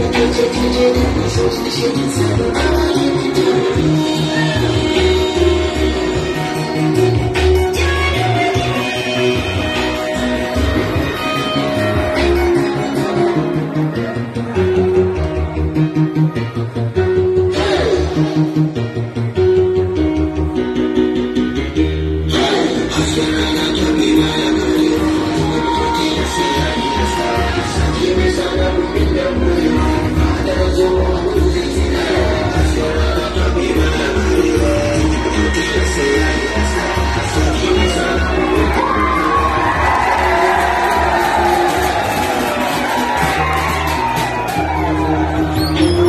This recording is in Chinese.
天阶地阶，等你走进的陷阱，似 Thank you.